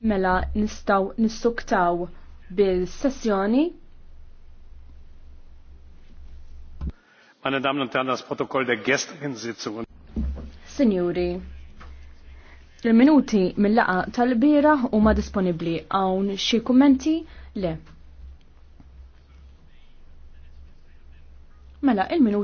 Mela nistaw nissuktaw bil-sessjoni. Meine Damen und Herren, das Protokoll der gestrigen Sitzung. Signori, il-minuti mill-laqa tal-bira u ma disponibli hawn xi kummenti le. Mela il-minuti